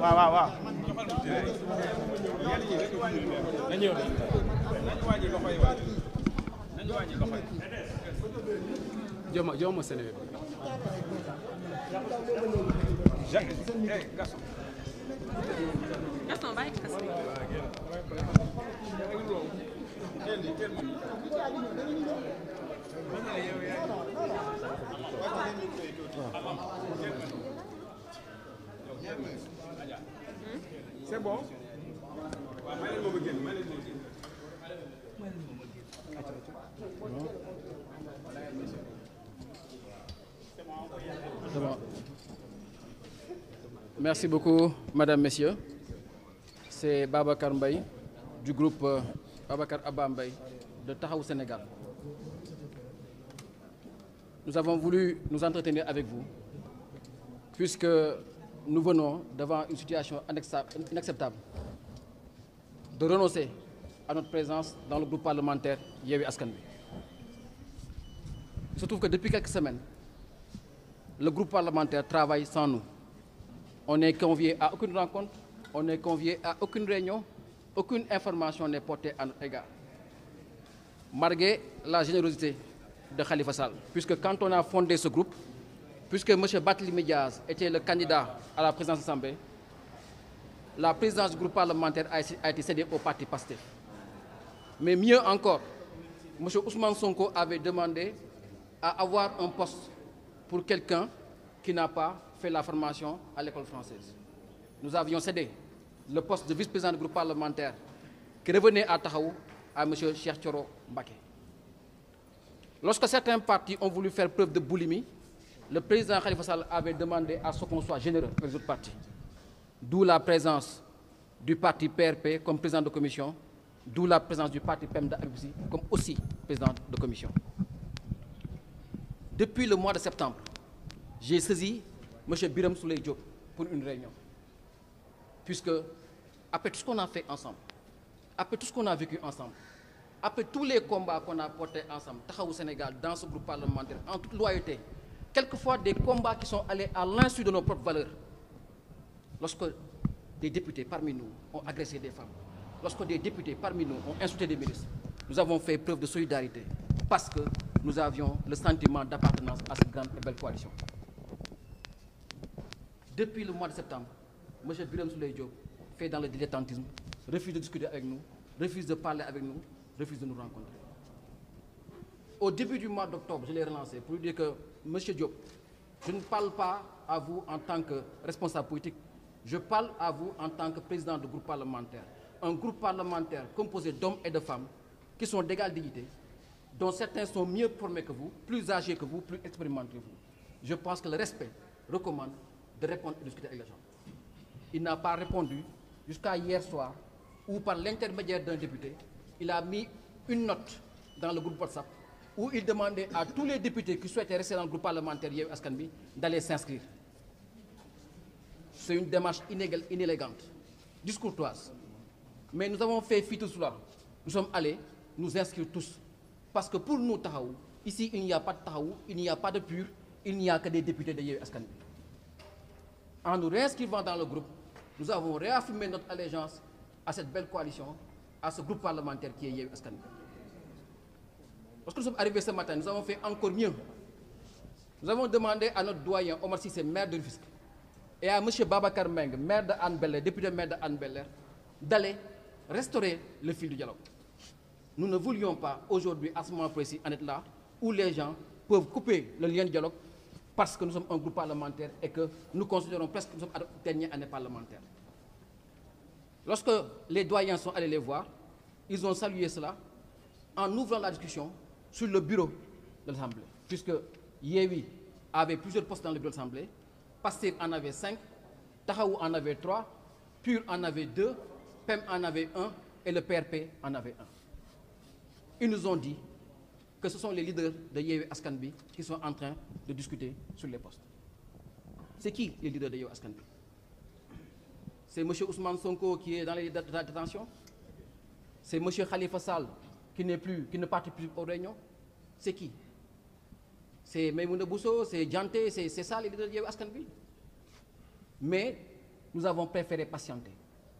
waaw waaw waaw. joma joma sene bi. Gaston Merci beaucoup, Madame, Messieurs. C'est Baba Mbaye du groupe euh, Babacar Abba de Tahaou Sénégal. Nous avons voulu nous entretenir avec vous puisque nous venons devant une situation inacceptable de renoncer à notre présence dans le groupe parlementaire Yewi Askandi. Il se trouve que depuis quelques semaines, le groupe parlementaire travaille sans nous. On n'est convié à aucune rencontre, on n'est convié à aucune réunion, aucune information n'est portée à notre égard. Malgré la générosité de Khalifa Sall, puisque quand on a fondé ce groupe, puisque M. Batli Diaz était le candidat à la présidence de l'Assemblée, la présidence du groupe parlementaire a été cédée au parti Pasteur. Mais mieux encore, M. Ousmane Sonko avait demandé à avoir un poste pour quelqu'un qui n'a pas fait la formation à l'école française. Nous avions cédé le poste de vice-président du groupe parlementaire qui revenait à Tahaou à M. Cheikh Mbake. Lorsque certains partis ont voulu faire preuve de boulimie, le président Khalifa Sall avait demandé à ce qu'on soit généreux avec les autres partis. D'où la présence du parti PRP comme président de commission, d'où la présence du parti PEMDA comme aussi président de commission. Depuis le mois de septembre, j'ai saisi M. Biram Souley pour une réunion. Puisque, après tout ce qu'on a fait ensemble, après tout ce qu'on a vécu ensemble, après tous les combats qu'on a portés ensemble, au Sénégal, dans ce groupe parlementaire, en toute loyauté, quelquefois des combats qui sont allés à l'insu de nos propres valeurs. Lorsque des députés parmi nous ont agressé des femmes, lorsque des députés parmi nous ont insulté des ministres, nous avons fait preuve de solidarité parce que nous avions le sentiment d'appartenance à cette grande et belle coalition. Depuis le mois de septembre, M. Biram Souley fait dans le dilettantisme, refuse de discuter avec nous, refuse de parler avec nous, refuse de nous rencontrer. Au début du mois d'octobre, je l'ai relancé pour lui dire que Monsieur Diop, je ne parle pas à vous en tant que responsable politique. Je parle à vous en tant que président du groupe parlementaire. Un groupe parlementaire composé d'hommes et de femmes qui sont d'égale dignité, dont certains sont mieux formés que vous, plus âgés que vous, plus expérimentés que vous. Je pense que le respect recommande de répondre et de discuter avec les gens. Il n'a pas répondu jusqu'à hier soir, où par l'intermédiaire d'un député, il a mis une note dans le groupe WhatsApp où il demandait à tous les députés qui souhaitaient rester dans le groupe parlementaire d'aller s'inscrire. C'est une démarche inégale, inélégante, discourtoise. Mais nous avons fait fi tout cela. Nous sommes allés nous inscrire tous. Parce que pour nous, Tahaou, ici, il n'y a pas de Tahaou, il n'y a pas de pur, il n'y a que des députés de Askan En nous réinscrivant dans le groupe, nous avons réaffirmé notre allégeance à cette belle coalition, à ce groupe parlementaire qui est Yewwi Askanbi. Lorsque nous sommes arrivés ce matin, nous avons fait encore mieux. Nous avons demandé à notre doyen, Omar Sissé, maire de Rufisque, et à M. Babacar Meng, maire de Anne Beller, député maire de Anne d'aller restaurer le fil du dialogue. Nous ne voulions pas aujourd'hui, à ce moment précis, en être là où les gens peuvent couper le lien de dialogue parce que nous sommes un groupe parlementaire et que nous considérons presque que nous sommes dernière année parlementaire. Lorsque les doyens sont allés les voir, ils ont salué cela en ouvrant la discussion sur le bureau de l'Assemblée, puisque Yewi avait plusieurs postes dans le bureau de l'Assemblée, Pasteur en avait 5, Tahaou en avait 3, Pur en avait 2, PEM en avait 1 et le PRP en avait 1. Ils nous ont dit que ce sont les leaders de Yewi Askanbi qui sont en train de discuter sur les postes. C'est qui les leaders de Yewi Askanbi C'est M. Ousmane Sonko qui est dans les détentions C'est M. Khalifa Sall qui n'est plus, qui ne participe plus aux réunions, c'est qui C'est de Bousso, c'est Djanté, c'est ça les leaders de Mais nous avons préféré patienter.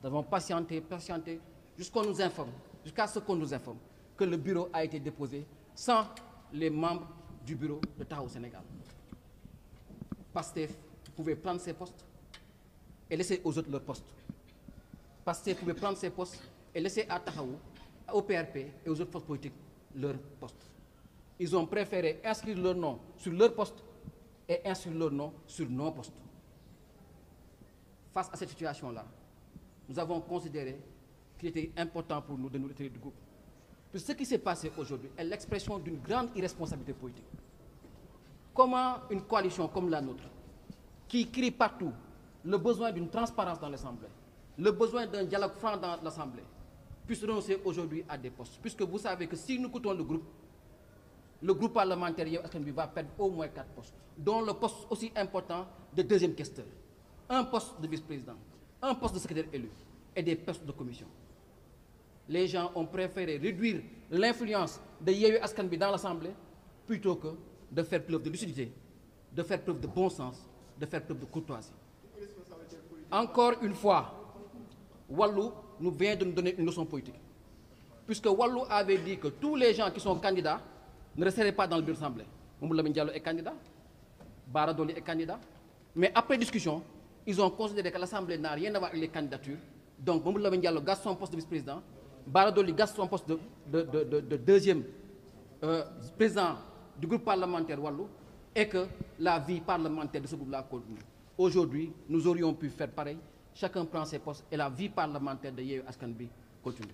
Nous avons patienté, patienté, jusqu'à nous informe, jusqu'à ce qu'on nous informe que le bureau a été déposé sans les membres du bureau de Tao Sénégal. Pastef pouvait prendre ses postes et laisser aux autres leurs postes. Pastef pouvait prendre ses postes et laisser à Tahaou au PRP et aux autres forces politiques leur poste. Ils ont préféré inscrire leur nom sur leur poste et inscrire leur nom sur nos postes. Face à cette situation-là, nous avons considéré qu'il était important pour nous de nous retirer du groupe. Tout ce qui s'est passé aujourd'hui est l'expression d'une grande irresponsabilité politique. Comment une coalition comme la nôtre, qui crie partout le besoin d'une transparence dans l'Assemblée, le besoin d'un dialogue franc dans l'Assemblée, puissent renoncer aujourd'hui à des postes. Puisque vous savez que si nous coûtons le groupe, le groupe parlementaire va perdre au moins quatre postes, dont le poste aussi important de deuxième questeur, un poste de vice-président, un poste de secrétaire élu et des postes de commission. Les gens ont préféré réduire l'influence de Yehu Askanbi dans l'Assemblée plutôt que de faire preuve de lucidité, de faire preuve de bon sens, de faire preuve de courtoisie. Encore une fois, Wallou nous vient de nous donner une notion politique. Puisque Wallou avait dit que tous les gens qui sont candidats ne resteraient pas dans le bureau l'Assemblée. Moumoula est candidat, Baradoli est candidat. Mais après discussion, ils ont considéré que l'Assemblée n'a rien à voir avec les candidatures. Donc Moumoula Diallo son poste de vice-président, Baradoli garde son poste de, deuxième euh, président du groupe parlementaire Wallou et que la vie parlementaire de ce groupe-là continue. Aujourd'hui, nous aurions pu faire pareil Chacun prend ses postes et la vie parlementaire de Yéhu Askanbi continue.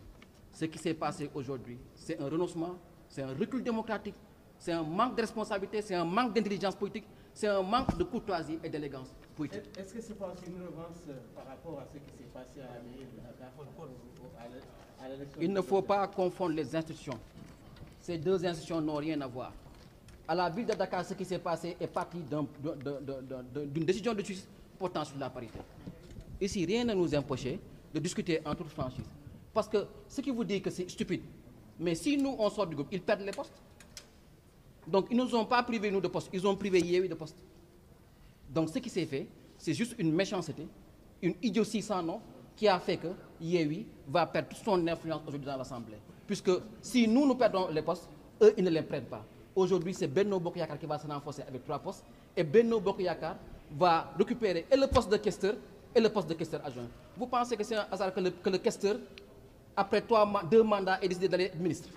Ce qui s'est passé aujourd'hui, c'est un renoncement, c'est un recul démocratique, c'est un manque de responsabilité, c'est un manque d'intelligence politique, c'est un manque de courtoisie et d'élégance politique. Est-ce que c'est pas une revanche euh, par rapport à ce qui s'est passé à la l'élection Il ne faut pas confondre les institutions. Ces deux institutions n'ont rien à voir. À la ville de Dakar, ce qui s'est passé est parti d'une décision de justice portant sur la parité. Ici, rien ne nous empêchait de discuter en toute franchise. Parce que ce qui vous dit que c'est stupide, mais si nous, on sort du groupe, ils perdent les postes. Donc, ils ne nous ont pas privé, nous, de postes. Ils ont privé Yéwi de postes. Donc, ce qui s'est fait, c'est juste une méchanceté, une idiotie sans nom, qui a fait que Yéwi va perdre toute son influence aujourd'hui dans l'Assemblée. Puisque si nous, nous perdons les postes, eux, ils ne les prennent pas. Aujourd'hui, c'est Benno Bokoyakar qui va se renforcer avec trois postes. Et Benno Bokoyakar va récupérer et le poste de caisseur et le poste de caisseur adjoint. Vous pensez que c'est un hasard que le, caisseur, après toi, deux mandats, ait décidé d'aller ministre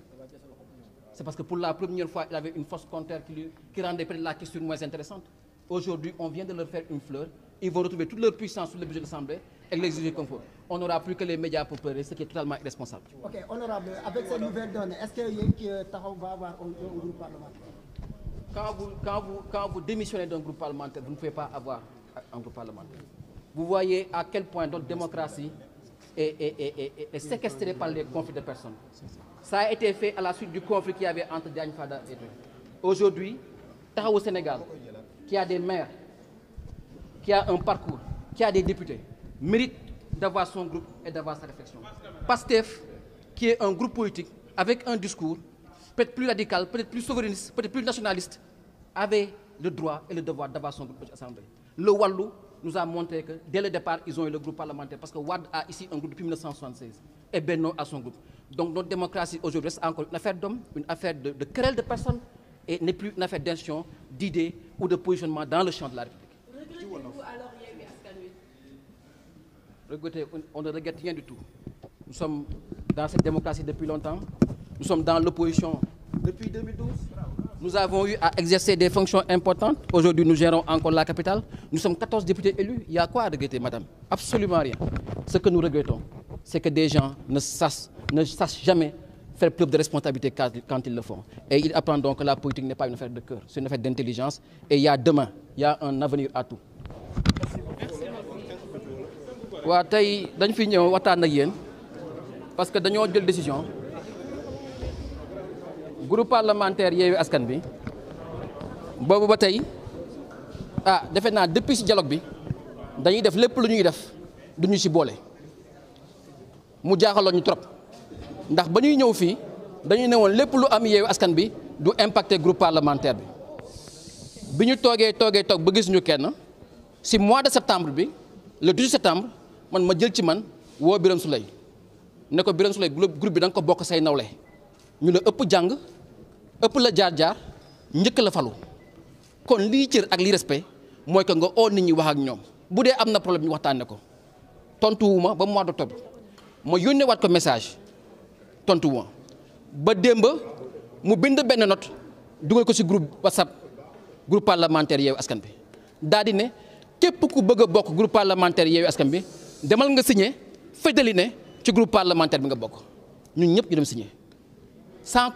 C'est parce que pour la première fois, il avait une force contraire qui, lui, qui rendait la question moins intéressante. Aujourd'hui, on vient de leur faire une fleur. Ils vont retrouver toute leur puissance sur le budget de l'Assemblée et l'exiger comme faut. On n'aura plus que les médias pour pleurer, ce qui est totalement irresponsable. Ok, honorable, avec ces nouvelles données, est-ce que y euh, a va avoir un, groupe parlementaire quand vous démissionnez d'un groupe parlementaire, vous ne pouvez pas avoir un groupe parlementaire. Vous voyez à quel point notre démocratie est, séquestrée par les conflits de personnes. Ça a été fait à la suite du conflit qu'il y avait entre Diagne Fada et lui. Aujourd'hui, Tao Sénégal, qui a des maires, qui a un parcours, qui a des députés, mérite d'avoir son groupe et d'avoir sa réflexion. PASTEF, qui est un groupe politique avec un discours peut-être plus radical, peut-être plus souverainiste, peut-être plus nationaliste, avait le droit et le devoir d'avoir son groupe d'assemblée. Le Wallou nous a montré que dès le départ, ils ont eu le groupe parlementaire parce que Wad a ici un groupe depuis 1976 et Benno a son groupe. Donc notre démocratie aujourd'hui reste encore une affaire d'hommes, une affaire de, de querelle de personnes et n'est plus une affaire d'intention, d'idées ou de positionnement dans le champ de la République. on ne regrette rien du tout. Nous sommes dans cette démocratie depuis longtemps. Nous sommes dans l'opposition depuis 2012. Nous avons eu à exercer des fonctions importantes. Aujourd'hui, nous gérons encore la capitale. Nous sommes 14 députés élus. Il y a quoi à regretter, madame Absolument rien. Ce que nous regrettons, c'est que des gens ne sachent, jamais faire preuve de responsabilité quand ils le font. Et ils apprennent donc que la politique n'est pas une affaire de cœur, c'est une affaire d'intelligence. Et il y a demain, il y a un avenir à tout. Parce que décision. groupe parlementaire Yewwi Askan bi bobu batay ah defe naa depuis ci dialogue bi dañuy def lepp luñuy def duñu ci bolé mu jaaxaloon ñu trop ndax bañuy ñuy ñëw fii dañuy néwon lepp lu am Yewwi Askan bi du impacter groupe parlementaire bi biñu togué togué tok ba gis ñu kenn ci mois de septembre bi le 12 septembre man ma jël ci man wo Birame Souleye ne ko Birame Souleye groupe bi dang ko bok say nawlé ñu le ëpp jang ëpp la jaar-jaar njëkk la falu kon lii cër ak lii respect mooy que nga oo nit ñi wax ak ñoom bu dee am na problème ñu waxtaanee ko tontuwuma ba mois d'octobre ma yónnee waat ko message tontuwuma ba démb mu bind benn note dugal ko ci groupe whatsapp groupe parlementaire yeewu askan bi daal di ne képp ku bëgg a bokk groupe parlementaire yeewu askan bi demal nga siñe fédéli ne ci groupe parlementaire bi nga bokk ñun ñëpp ñu dem signé sans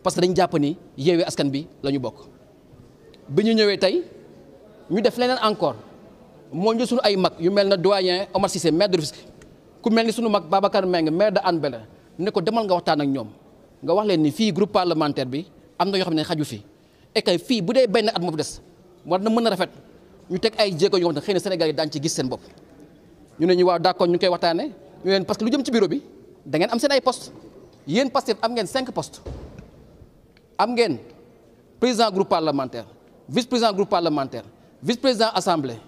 parce que dañ japp ni yeewee askan bi la bok biñu ñëwé tay ñu def lénen encore mo ñu suñu ay mag yu melna doyen Omar Cissé maire de Rufisque ku melni suñu mag Babacar Meng maire de Hann ne ko demal nga waxtaan ak ñom nga wax leen ni fi groupe parlementaire bi am yo xamné xaju fi et kay fi bu dé benn at mo fi dess war na mëna rafet ñu teg ay jéego ñu xamné ne xëy na Sénégal yi ci gis seen bop ñu ne ñu waaw d'accord ñu koy waxtané ñu leen parce que lu jëm ci bureau bi da ngeen am seen ay poste yeen poste am ngeen 5 poste Amgen, président groupe parlementaire vice président groupe parlementaire vice président assemblée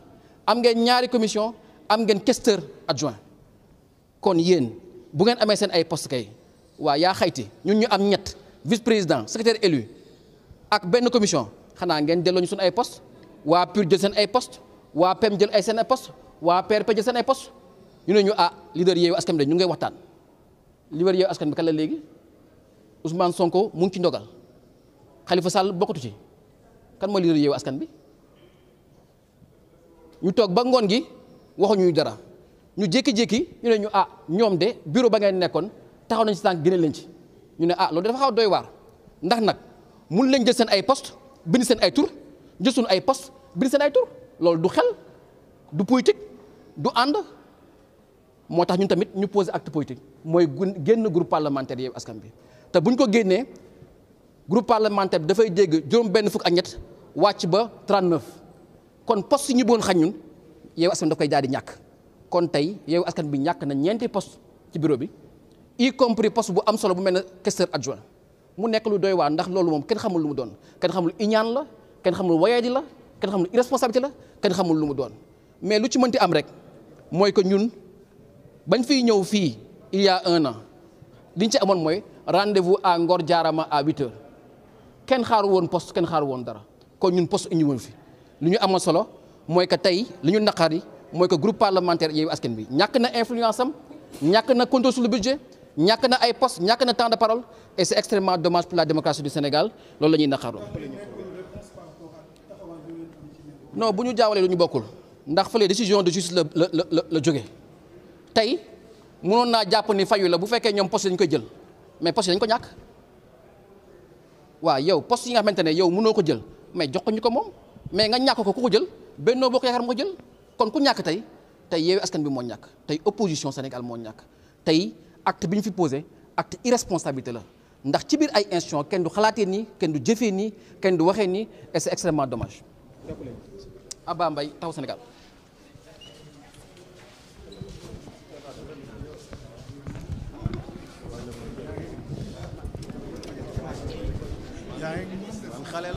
Amgen ngeen ñaari commission Amgen kester adjoint kon Yen, bu ngeen amee ay poste kay wa ya xayti ñun ñu am vice président secrétaire élu ak ben commission xanaa ngeen delloo ñu ay poste wa PUR de sen ay poste wa PEM jël ay seen ay poste wa PRP jël seen ay poste ñu ne ñu ah leader Yewwi Askan de ñu ngay waxtaan leader Yewwi Askan Wi kan la Ousmane Sonko mu ngi ci ndogal Khalifa Sall bokkatu ci kan mooy leader Yewwi Askan bi ñu toog ba ngoon gi waxuñu dara ñu jékki-jékki ñu ne ñu ah ñoom de bureau ba ngeen nekkoon taxaw nañ ci tànk génne leen ci ñu ne ah loolu dafa xaw doy waar ndax nag mun leen jël seen ay post bind seen ay tur jël suñu ay post bind seen ay tur loolu du xel du politique du ànd moo tax ñun tamit ñu posé acte politique mooy génn groupe parlementaire Yewwi Askan bi te buñ ko génnee groupe parlementaire bi dafay dégg juróom benn fukk ak ñett wàcc ba 39 kon poste yi ñu bëggoon xañ ñun Yewwi Askan da koy daal di ñàkk kon tey Yewwi Askan bi ñàkk na ñeenti post ci bureau bi y compris poste bu am solo bu mel ne questeur adjoint mu nekk lu doy waar ndax loolu moom kenn xamul lu mu doon kenn xamul iñaan la kenn xamul wayeedi la kenn xamul irresponsabilité la kenn xamul lu mu doon mais lu ci mënti am rek mooy que ñun bañ fiy ñëw fii il y a un an liñ ci amoon mooy rendez-vous à Ngor Jaarama à ken xaru won poste ken xaru won dara kon ñun poste indi woon fi li ñu amoon solo moy ka tay li ñu naqari mooy que groupe parlementaire Yewwi Askan bi ñak na influence am ñak na contrôle sur le budget ñak na ay poste ñak na temps de parole et c'est extrêmement dommage pour la démocratie du Sénégal loolu la ñuy naqarlu non buñu jaawale luñu bokul ndax fa lay décision de justice le le, le, le jógee tay mënon na japp ni fayu la bu fekkee ñom poste dañu koy jël mais poste dañ ko ñak waaw yow poste yi nga xamante ne yow mënoo ko jël mais jox ko ñu ko moom mais nga ñàkk ko ku ko jël Benno Bokk Yaakaar moo ko jël kon ku ñàkk tey tey Yewwi Askan bi moo ñàkk tey opposition Sénégal moo ñàkk tey acte bi ñu fi posé acte irresponsabilité la ndax ci biir ay institutions kenn du xalaatee nii kenn du jëfee nii kenn du waxee nii et c'est extrêmement dommage Abba Mbaye Sénégal dang